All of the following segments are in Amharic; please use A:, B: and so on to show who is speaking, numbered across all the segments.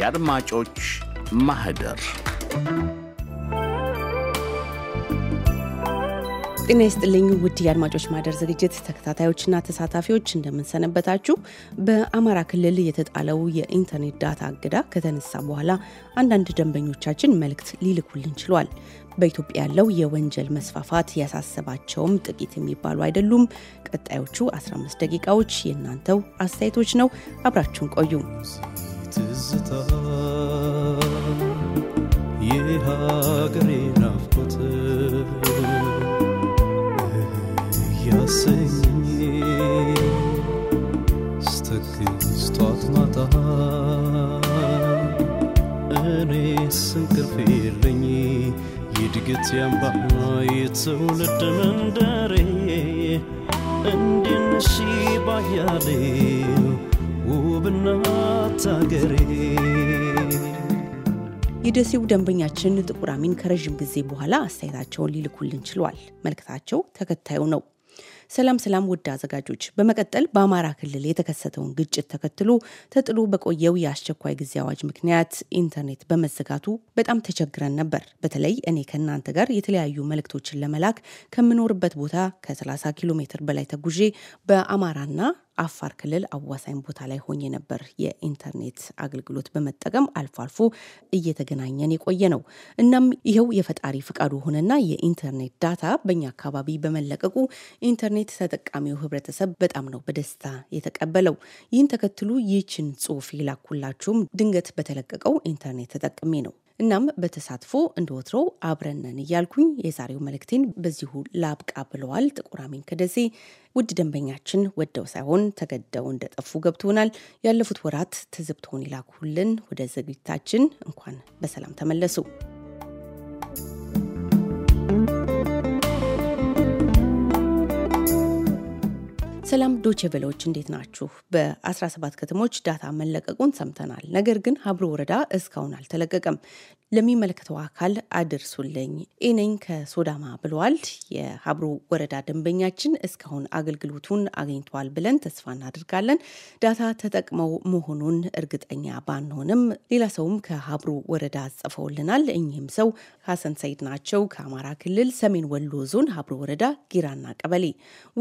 A: የአድማጮች ማህደር
B: ጤና ይስጥልኝ ውድ የአድማጮች ማህደር ዝግጅት ተከታታዮችና ተሳታፊዎች እንደምንሰነበታችሁ። በአማራ ክልል የተጣለው የኢንተርኔት ዳታ እገዳ ከተነሳ በኋላ አንዳንድ ደንበኞቻችን መልእክት ሊልኩልን ችሏል። በኢትዮጵያ ያለው የወንጀል መስፋፋት ያሳሰባቸውም ጥቂት የሚባሉ አይደሉም። ቀጣዮቹ 15 ደቂቃዎች የእናንተው አስተያየቶች ነው። አብራችሁን ቆዩ።
A: ትዝታ የሀገሬ ናፍቆት እያሰኝ ስትግዝ ጧት ማታ እኔስ እንቅልፍ የለኝ የድገት ያምባ የትውልድ መንደሬ እንዲነሺ ባያሌ
B: የደሴው ደንበኛችን ጥቁር አሚን ከረዥም ጊዜ በኋላ አስተያየታቸውን ሊልኩልን ችሏል። መልክታቸው ተከታዩ ነው። ሰላም ሰላም፣ ውድ አዘጋጆች። በመቀጠል በአማራ ክልል የተከሰተውን ግጭት ተከትሎ ተጥሎ በቆየው የአስቸኳይ ጊዜ አዋጅ ምክንያት ኢንተርኔት በመዘጋቱ በጣም ተቸግረን ነበር። በተለይ እኔ ከእናንተ ጋር የተለያዩ መልእክቶችን ለመላክ ከምኖርበት ቦታ ከ30 ኪሎ ሜትር በላይ ተጉዤ በአማራና አፋር ክልል አዋሳኝ ቦታ ላይ ሆኜ ነበር የኢንተርኔት አገልግሎት በመጠቀም አልፎ አልፎ እየተገናኘን የቆየ ነው። እናም ይኸው የፈጣሪ ፍቃዱ ሆነና የኢንተርኔት ዳታ በእኛ አካባቢ በመለቀቁ ኢንተርኔት ተጠቃሚው ህብረተሰብ በጣም ነው በደስታ የተቀበለው። ይህን ተከትሎ ይህችን ጽሁፍ የላኩላችሁም ድንገት በተለቀቀው ኢንተርኔት ተጠቅሜ ነው። እናም በተሳትፎ እንደ አብረነን እያልኩኝ የዛሬው መልእክቴን በዚሁ ላብቃ ብለዋል ጥቁር አሚን ከደሴ። ውድ ደንበኛችን ወደው ሳይሆን ተገደው እንደጠፉ ገብቶናል። ያለፉት ወራት ትዝብትሆን ይላኩልን። ወደ ዝግጅታችን እንኳን በሰላም ተመለሱ። ሰላም ዶቼ እንዴት ናችሁ? በ17 ከተሞች ዳታ መለቀቁን ሰምተናል። ነገር ግን ሀብሮ ወረዳ እስካሁን አልተለቀቀም። ለሚመለከተው አካል አድርሱልኝ ኤነኝ ከሶዳማ ብለዋል። የሀብሮ ወረዳ ደንበኛችን እስካሁን አገልግሎቱን አግኝቷል ብለን ተስፋ እናደርጋለን። ዳታ ተጠቅመው መሆኑን እርግጠኛ ባንሆንም ሌላ ሰውም ከሀብሮ ወረዳ ጽፈውልናል። እኚህም ሰው ሀሰን ሰይድ ናቸው ከአማራ ክልል ሰሜን ወሎ ዞን ሀብሮ ወረዳ ጊራና ቀበሌ።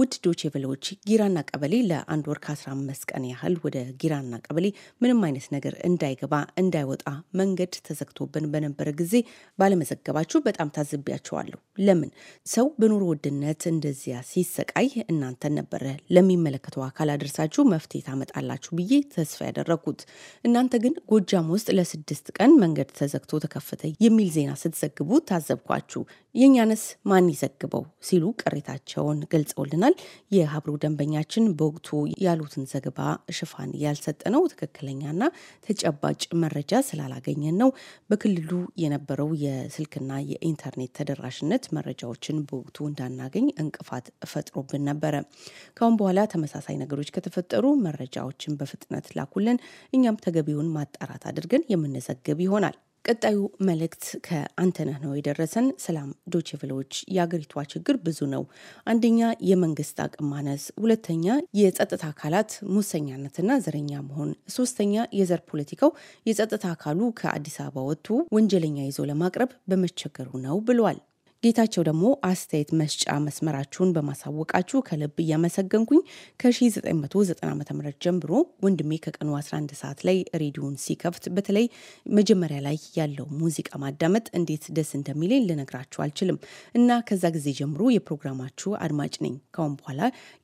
B: ውድ ዶቼ ቬለዎች ጊራና ቀበሌ ለአንድ ወር ከ15 ቀን ያህል ወደ ጊራና ቀበሌ ምንም አይነት ነገር እንዳይገባ እንዳይወጣ መንገድ ተዘግቶብን በነበረ ጊዜ ባለመዘገባችሁ በጣም ታዝቢያቸዋለሁ። ለምን ሰው በኑሮ ውድነት እንደዚያ ሲሰቃይ እናንተን ነበረ ለሚመለከተው አካል አድርሳችሁ መፍትሄ ታመጣላችሁ ብዬ ተስፋ ያደረግኩት። እናንተ ግን ጎጃም ውስጥ ለስድስት ቀን መንገድ ተዘግቶ ተከፈተ የሚል ዜና ስትዘግቡ ታዘብኳችሁ። የእኛንስ ማን ይዘግበው ሲሉ ቅሬታቸውን ገልጸውልናል። የሀብሩ ደንበኛችን በወቅቱ ያሉትን ዘገባ ሽፋን ያልሰጠነው ትክክለኛና ተጨባጭ መረጃ ስላላገኘን ነው። በክልሉ የነበረው የስልክና የኢንተርኔት ተደራሽነት መረጃዎችን በወቅቱ እንዳናገኝ እንቅፋት ፈጥሮብን ነበረ። ካሁን በኋላ ተመሳሳይ ነገሮች ከተፈጠሩ መረጃዎችን በፍጥነት ላኩልን፣ እኛም ተገቢውን ማጣራት አድርገን የምንዘግብ ይሆናል። ቀጣዩ መልእክት ከአንተነህ ነው የደረሰን። ሰላም ዶችቬሎች፣ የአገሪቷ ችግር ብዙ ነው። አንደኛ የመንግስት አቅም ማነስ፣ ሁለተኛ የጸጥታ አካላት ሙሰኛነትና ዘረኛ መሆን፣ ሶስተኛ የዘር ፖለቲካው የጸጥታ አካሉ ከአዲስ አበባ ወጥቶ ወንጀለኛ ይዞ ለማቅረብ በመቸገሩ ነው ብሏል። ጌታቸው ደግሞ አስተያየት መስጫ መስመራችሁን በማሳወቃችሁ ከልብ እያመሰገንኩኝ ከ1990 ዓ ም ጀምሮ ወንድሜ ከቀኑ 11 ሰዓት ላይ ሬዲዮን ሲከፍት በተለይ መጀመሪያ ላይ ያለው ሙዚቃ ማዳመጥ እንዴት ደስ እንደሚለኝ ልነግራችሁ አልችልም እና ከዛ ጊዜ ጀምሮ የፕሮግራማችሁ አድማጭ ነኝ። ካሁን በኋላ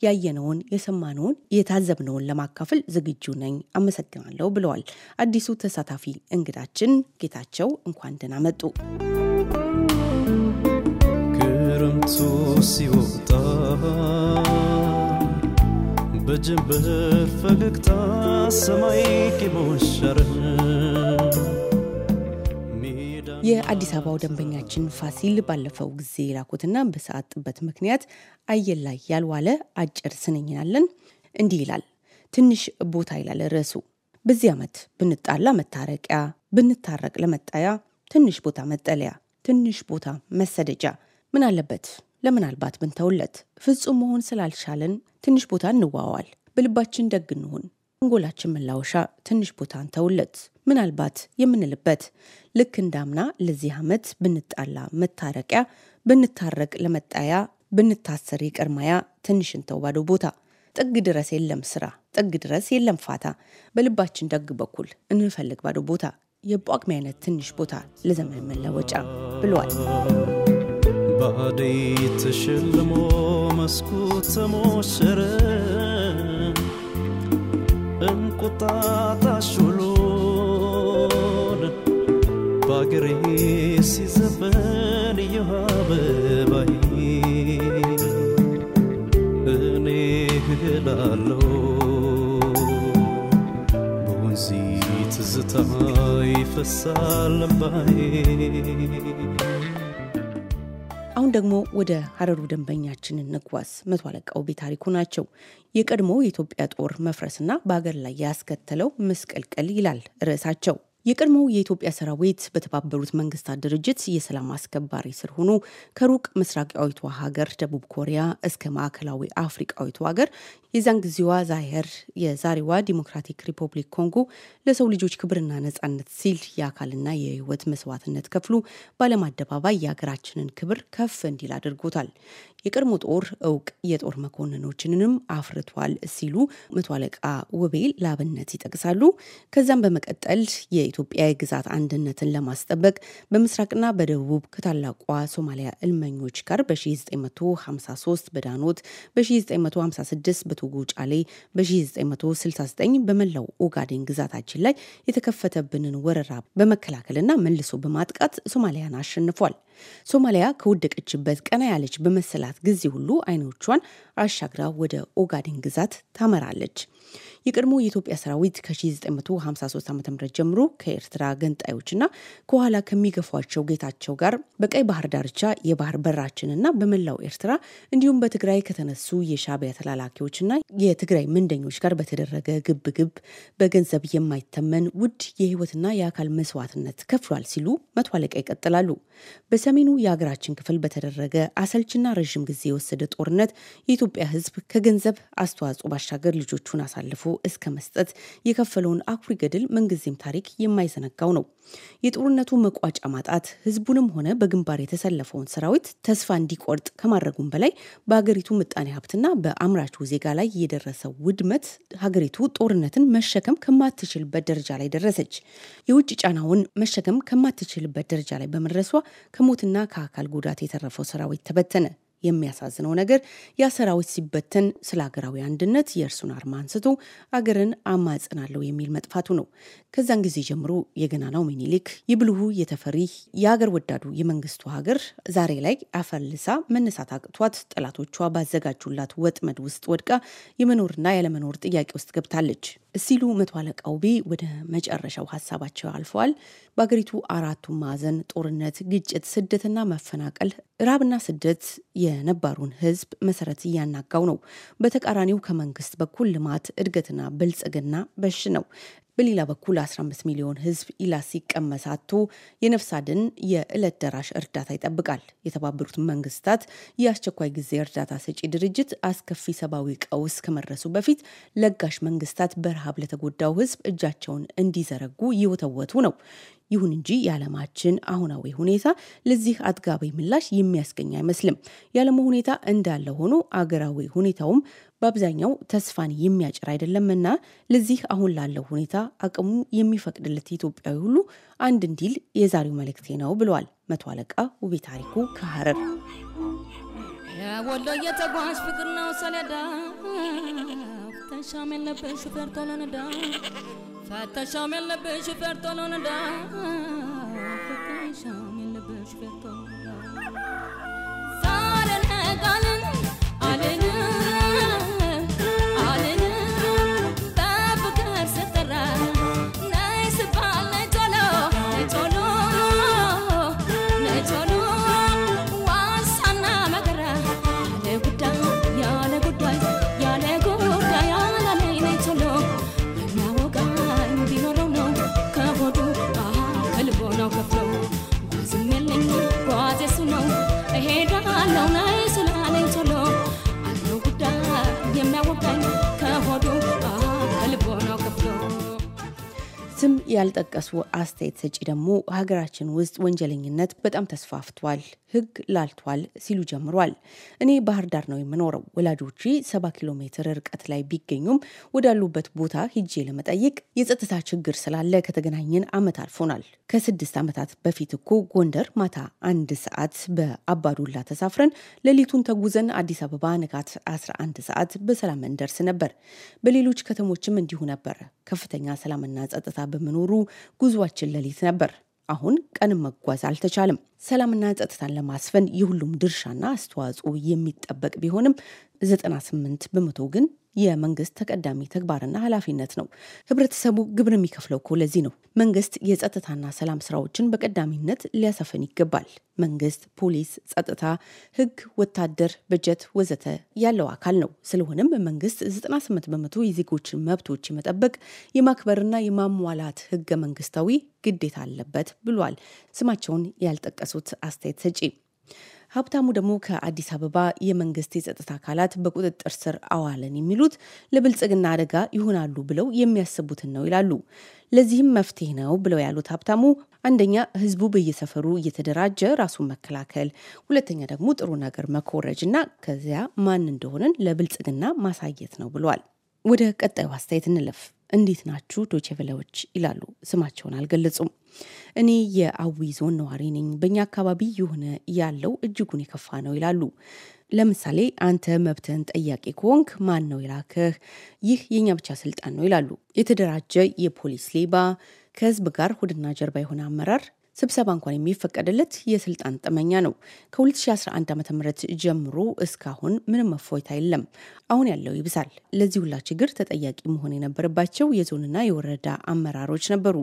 B: ያየነውን፣ የሰማነውን፣ የታዘብነውን ለማካፈል ዝግጁ ነኝ። አመሰግናለሁ ብለዋል። አዲሱ ተሳታፊ እንግዳችን ጌታቸው እንኳን ደህና መጡ።
A: ከንቱ ሲወጣ በጀንበር ፈገግታ ሰማይ
B: የአዲስ አበባው ደንበኛችን ፋሲል ባለፈው ጊዜ የላኩትና በሰዓት ጥበት ምክንያት አየር ላይ ያልዋለ አጭር ስንኝናለን እንዲህ ይላል። ትንሽ ቦታ ይላል ርዕሱ። በዚህ ዓመት ብንጣላ መታረቂያ፣ ብንታረቅ ለመጣያ፣ ትንሽ ቦታ መጠለያ፣ ትንሽ ቦታ መሰደጃ ምን አለበት ለምናልባት ብንተውለት? ፍጹም መሆን ስላልቻለን ትንሽ ቦታ እንዋዋል። በልባችን ደግ እንሁን። አንጎላችን መላወሻ ትንሽ ቦታ እንተውለት። ምናልባት የምንልበት ልክ እንዳምና ለዚህ ዓመት ብንጣላ መታረቂያ፣ ብንታረቅ ለመጣያ፣ ብንታሰር ይቅርማያ ማያ፣ ትንሽ እንተው ባዶ ቦታ። ጥግ ድረስ የለም ስራ፣ ጥግ ድረስ የለም ፋታ። በልባችን ደግ በኩል እንፈልግ ባዶ ቦታ፣ የጳጉሜ አይነት ትንሽ ቦታ ለዘመን መለወጫ ብሏል።
A: ባዲ ተሸልሞ መስኩ ተሞሸረ እንቁጣጣሽ ውሎን ሲዘፈን እዮሃ እኔ እላለሁ በወንዚ ትዝታ ይፈሳል
B: ደግሞ ወደ ሀረሩ ደንበኛችንን ንጓዝ መቶ አለቃው ታሪኩ ናቸው። የቀድሞ የኢትዮጵያ ጦር መፍረስና በሀገር ላይ ያስከተለው ምስቅልቅል ይላል ርዕሳቸው። የቀድሞው የኢትዮጵያ ሰራዊት በተባበሩት መንግስታት ድርጅት የሰላም አስከባሪ ስር ሆኖ ከሩቅ ምስራቃዊቷ ሀገር ደቡብ ኮሪያ እስከ ማዕከላዊ አፍሪቃዊቷ ሀገር የዛን ጊዜዋ ዛሄር የዛሬዋ ዲሞክራቲክ ሪፐብሊክ ኮንጎ ለሰው ልጆች ክብርና ነጻነት ሲል የአካልና የህይወት መስዋዕትነት ከፍሎ በዓለም አደባባይ የሀገራችንን ክብር ከፍ እንዲል አድርጎታል። የቀድሞ ጦር እውቅ የጦር መኮንኖችንንም አፍርቷል ሲሉ መቶ አለቃ ውቤል ለአብነት ይጠቅሳሉ። ከዛም በመቀጠል የኢትዮጵያ የግዛት አንድነትን ለማስጠበቅ በምስራቅና በደቡብ ከታላቋ ሶማሊያ እልመኞች ጋር በ1953 በዳኖት፣ በ1956 በቶጎ ጫሌ፣ በ1969 በመላው ኦጋዴን ግዛታችን ላይ የተከፈተብንን ወረራ በመከላከልና መልሶ በማጥቃት ሶማሊያን አሸንፏል። ሶማሊያ ከወደቀችበት ቀና ያለች በመሰላት ጊዜ ሁሉ አይኖቿን አሻግራ ወደ ኦጋዴን ግዛት ታመራለች። የቀድሞ የኢትዮጵያ ሰራዊት ከ1953 ዓ ም ጀምሮ ከኤርትራ ገንጣዮችና ከኋላ ከሚገፏቸው ጌታቸው ጋር በቀይ ባህር ዳርቻ የባህር በራችንና በመላው ኤርትራ እንዲሁም በትግራይ ከተነሱ ተላላኪዎች ተላላኪዎችና የትግራይ ምንደኞች ጋር በተደረገ ግብግብ በገንዘብ የማይተመን ውድ የህይወትና የአካል መስዋዕትነት ከፍሏል ሲሉ መቶ አለቃ ይቀጥላሉ። በሰሜኑ የሀገራችን ክፍል በተደረገ አሰልችና ረዥም ጊዜ የወሰደ ጦርነት የኢትዮጵያ ሕዝብ ከገንዘብ አስተዋጽኦ ባሻገር ልጆቹን አሳልፎ እስከ መስጠት የከፈለውን አኩሪ ገድል ምንጊዜም ታሪክ የማይዘነጋው ነው። የጦርነቱ መቋጫ ማጣት ሕዝቡንም ሆነ በግንባር የተሰለፈውን ሰራዊት ተስፋ እንዲቆርጥ ከማድረጉም በላይ በሀገሪቱ ምጣኔ ሀብትና በአምራቹ ዜጋ ላይ የደረሰው ውድመት ሀገሪቱ ጦርነትን መሸከም ከማትችልበት ደረጃ ላይ ደረሰች። የውጭ ጫናውን መሸከም ከማትችልበት ደረጃ ላይ በመድረሷ ከሞትና ከአካል ጉዳት የተረፈው ሰራዊት ተበተነ። የሚያሳዝነው ነገር ያ ሰራዊት ሲበተን ስለ ሀገራዊ አንድነት የእርሱን አርማ አንስቶ አገርን አማጽናለሁ የሚል መጥፋቱ ነው። ከዛን ጊዜ ጀምሮ የገናናው ሚኒሊክ ይብልሁ የተፈሪ የሀገር ወዳዱ የመንግስቱ ሀገር ዛሬ ላይ አፈልሳ መነሳት አቅቷት ጠላቶቿ ባዘጋጁላት ወጥመድ ውስጥ ወድቃ የመኖርና ያለመኖር ጥያቄ ውስጥ ገብታለች ሲሉ መቶ አለቃ ውቤ ወደ መጨረሻው ሀሳባቸው አልፈዋል። በአገሪቱ አራቱ ማዕዘን ጦርነት፣ ግጭት፣ ስደትና መፈናቀል፣ ራብና ስደት የነባሩን ህዝብ መሰረት እያናጋው ነው። በተቃራኒው ከመንግስት በኩል ልማት እድገትና ብልጽግና በሽ ነው። በሌላ በኩል 15 ሚሊዮን ሕዝብ ኢላ ሲቀመስ አጥቶ የነፍስ አድን የዕለት ደራሽ እርዳታ ይጠብቃል። የተባበሩት መንግስታት የአስቸኳይ ጊዜ እርዳታ ሰጪ ድርጅት አስከፊ ሰብአዊ ቀውስ ከመድረሱ በፊት ለጋሽ መንግስታት በረሃብ ለተጎዳው ህዝብ እጃቸውን እንዲዘረጉ ይወተወቱ ነው። ይሁን እንጂ የዓለማችን አሁናዊ ሁኔታ ለዚህ አጥጋቢ ምላሽ የሚያስገኝ አይመስልም። የዓለሙ ሁኔታ እንዳለ ሆኖ አገራዊ ሁኔታውም በአብዛኛው ተስፋን የሚያጭር አይደለምና ለዚህ አሁን ላለው ሁኔታ አቅሙ የሚፈቅድለት ኢትዮጵያዊ ሁሉ አንድ እንዲል የዛሬው መልእክቴ ነው ብለዋል መቶ አለቃ ውቤ ታሪኩ ከሐረር።
A: ወሎ የተጓዥ ፍቅር ነው ሰሌዳ ተሻሜለበት ሳታሻም ያለብሽ ፈርቶ ነው ነዳ ፍቅርሻም ያለብሽ ፈርቶ ነው ሳልነቃለ
B: ስም ያልጠቀሱ አስተያየት ሰጪ ደግሞ ሀገራችን ውስጥ ወንጀለኝነት በጣም ተስፋፍቷል ህግ ላልቷል ሲሉ ጀምሯል። እኔ ባህር ዳር ነው የምኖረው። ወላጆቼ ሰባ ኪሎ ሜትር ርቀት ላይ ቢገኙም ወዳሉበት ቦታ ሂጄ ለመጠየቅ የጸጥታ ችግር ስላለ ከተገናኘን አመት አልፎናል። ከስድስት ዓመታት በፊት እኮ ጎንደር ማታ አንድ ሰዓት በአባዱላ ተሳፍረን ሌሊቱን ተጉዘን አዲስ አበባ ንጋት 11 ሰዓት በሰላም እንደርስ ነበር። በሌሎች ከተሞችም እንዲሁ ነበር። ከፍተኛ ሰላምና ጸጥታ በመኖሩ ጉዟችን ሌሊት ነበር። አሁን ቀንም መጓዝ አልተቻለም። ሰላምና ጸጥታን ለማስፈን የሁሉም ድርሻና አስተዋጽኦ የሚጠበቅ ቢሆንም 98 በመቶ ግን የመንግስት ተቀዳሚ ተግባርና ኃላፊነት ነው። ህብረተሰቡ ግብር የሚከፍለው እኮ ለዚህ ነው። መንግስት የጸጥታና ሰላም ስራዎችን በቀዳሚነት ሊያሰፍን ይገባል። መንግስት፣ ፖሊስ፣ ጸጥታ፣ ህግ፣ ወታደር፣ በጀት ወዘተ ያለው አካል ነው። ስለሆነም መንግስት 98 በመቶ የዜጎችን መብቶች የመጠበቅ የማክበርና የማሟላት ህገ መንግስታዊ ግዴታ አለበት ብሏል። ስማቸውን ያልጠቀሱት አስተያየት ሰጪ ሀብታሙ ደግሞ ከአዲስ አበባ የመንግስት የጸጥታ አካላት በቁጥጥር ስር አዋለን የሚሉት ለብልጽግና አደጋ ይሆናሉ ብለው የሚያስቡትን ነው ይላሉ። ለዚህም መፍትሄ ነው ብለው ያሉት ሀብታሙ አንደኛ ህዝቡ በየሰፈሩ እየተደራጀ ራሱን መከላከል፣ ሁለተኛ ደግሞ ጥሩ ነገር መኮረጅ እና ከዚያ ማን እንደሆንን ለብልጽግና ማሳየት ነው ብሏል። ወደ ቀጣዩ አስተያየት እንለፍ። እንዴት ናችሁ ዶቼ ቬለዎች ይላሉ። ስማቸውን አልገለጹም። እኔ የአዊ ዞን ነዋሪ ነኝ። በእኛ አካባቢ የሆነ ያለው እጅጉን የከፋ ነው ይላሉ። ለምሳሌ አንተ መብትህን ጠያቂ ከሆንክ ማን ነው የላከህ? ይህ የእኛ ብቻ ስልጣን ነው ይላሉ። የተደራጀ የፖሊስ ሌባ፣ ከህዝብ ጋር ሆድና ጀርባ የሆነ አመራር ስብሰባ እንኳን የሚፈቀድለት የስልጣን ጥመኛ ነው። ከ2011 ም ጀምሮ እስካሁን ምንም መፎይታ የለም። አሁን ያለው ይብሳል። ለዚህ ሁላ ችግር ተጠያቂ መሆን የነበረባቸው የዞንና የወረዳ አመራሮች ነበሩ።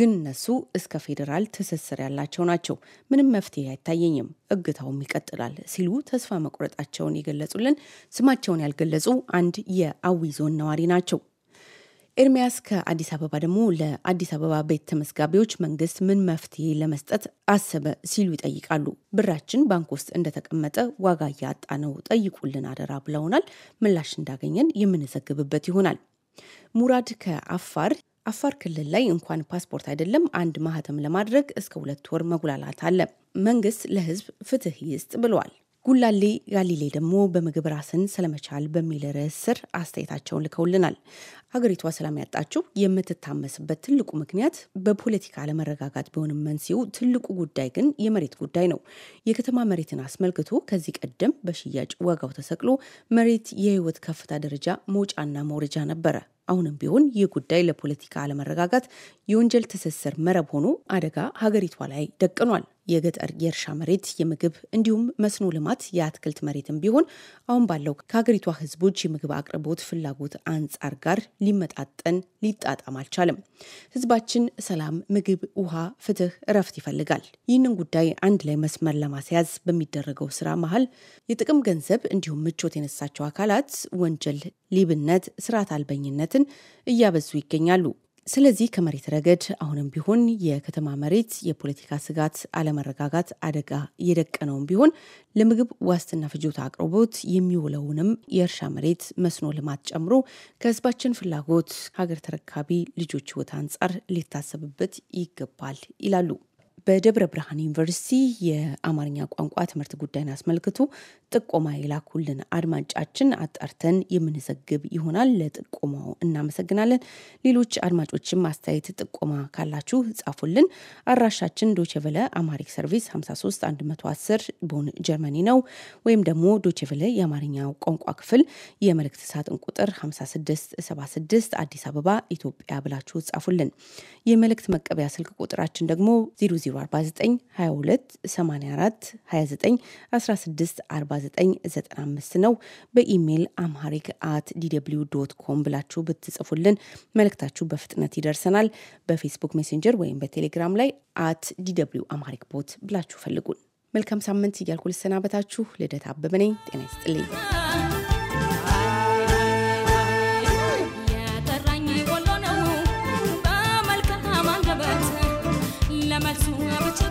B: ግን እነሱ እስከ ፌዴራል ትስስር ያላቸው ናቸው። ምንም መፍትሄ አይታየኝም፣ እግታውም ይቀጥላል ሲሉ ተስፋ መቁረጣቸውን የገለጹልን ስማቸውን ያልገለጹ አንድ የአዊ ዞን ነዋሪ ናቸው። ኤርሚያስ ከአዲስ አበባ ደግሞ ለአዲስ አበባ ቤት ተመዝጋቢዎች መንግስት ምን መፍትሄ ለመስጠት አሰበ ሲሉ ይጠይቃሉ። ብራችን ባንክ ውስጥ እንደተቀመጠ ዋጋ እያጣ ነው፣ ጠይቁልን አደራ ብለውናል። ምላሽ እንዳገኘን የምንዘግብበት ይሆናል። ሙራድ ከአፋር አፋር ክልል ላይ እንኳን ፓስፖርት አይደለም አንድ ማህተም ለማድረግ እስከ ሁለት ወር መጉላላት አለ። መንግስት ለህዝብ ፍትህ ይስጥ ብለዋል። ጉላሌ ጋሊሌ ደግሞ በምግብ ራስን ስለመቻል በሚል ርዕስ ስር አስተያየታቸውን ልከውልናል። ሀገሪቷ ሰላም ያጣችው የምትታመስበት ትልቁ ምክንያት በፖለቲካ አለመረጋጋት ቢሆንም መንስኤው ትልቁ ጉዳይ ግን የመሬት ጉዳይ ነው። የከተማ መሬትን አስመልክቶ ከዚህ ቀደም በሽያጭ ዋጋው ተሰቅሎ መሬት የህይወት ከፍታ ደረጃ መውጫና መውረጃ ነበረ። አሁንም ቢሆን ይህ ጉዳይ ለፖለቲካ አለመረጋጋት የወንጀል ትስስር መረብ ሆኖ አደጋ ሀገሪቷ ላይ ደቅኗል። የገጠር የእርሻ መሬት፣ የምግብ እንዲሁም መስኖ ልማት፣ የአትክልት መሬትም ቢሆን አሁን ባለው ከሀገሪቷ ሕዝቦች የምግብ አቅርቦት ፍላጎት አንጻር ጋር ሊመጣጠን ሊጣጣም አልቻለም። ህዝባችን ሰላም፣ ምግብ፣ ውሃ፣ ፍትህ፣ እረፍት ይፈልጋል። ይህንን ጉዳይ አንድ ላይ መስመር ለማስያዝ በሚደረገው ስራ መሀል የጥቅም ገንዘብ እንዲሁም ምቾት የነሳቸው አካላት ወንጀል፣ ሊብነት፣ ስርዓት አልበኝነትን እያበዙ ይገኛሉ። ስለዚህ ከመሬት ረገድ አሁንም ቢሆን የከተማ መሬት የፖለቲካ ስጋት፣ አለመረጋጋት አደጋ እየደቀነውም ቢሆን ለምግብ ዋስትና ፍጆታ አቅርቦት የሚውለውንም የእርሻ መሬት መስኖ ልማት ጨምሮ ከህዝባችን ፍላጎት ሀገር ተረካቢ ልጆች ሕይወት አንጻር ሊታሰብበት ይገባል ይላሉ። በደብረ ብርሃን ዩኒቨርሲቲ የአማርኛ ቋንቋ ትምህርት ጉዳይን አስመልክቶ ጥቆማ የላኩልን አድማጫችን አጣርተን የምንዘግብ ይሆናል። ለጥቆማው እናመሰግናለን። ሌሎች አድማጮችም አስተያየት፣ ጥቆማ ካላችሁ ጻፉልን። አድራሻችን ዶቼቨለ አማሪክ ሰርቪስ 53 110 ቦን ጀርመኒ ነው። ወይም ደግሞ ዶቼቨለ የአማርኛ ቋንቋ ክፍል የመልእክት ሳጥን ቁጥር 5676 አዲስ አበባ ኢትዮጵያ ብላችሁ ጻፉልን። የመልእክት መቀበያ ስልክ ቁጥራችን ደግሞ 00 049 22 84 29 16 49 95 ነው። በኢሜይል አምሃሪክ አት ዲደብሊው ዶት ኮም ብላችሁ ብትጽፉልን መልእክታችሁ በፍጥነት ይደርሰናል። በፌስቡክ ሜሴንጀር ወይም በቴሌግራም ላይ አት ዲደብሊው አምሃሪክ ቦት ብላችሁ ፈልጉን። መልካም ሳምንት እያልኩ ልሰናበታችሁ። ልደት አበበ ነኝ። ጤና ይስጥልኝ።
A: I'm matunga bacha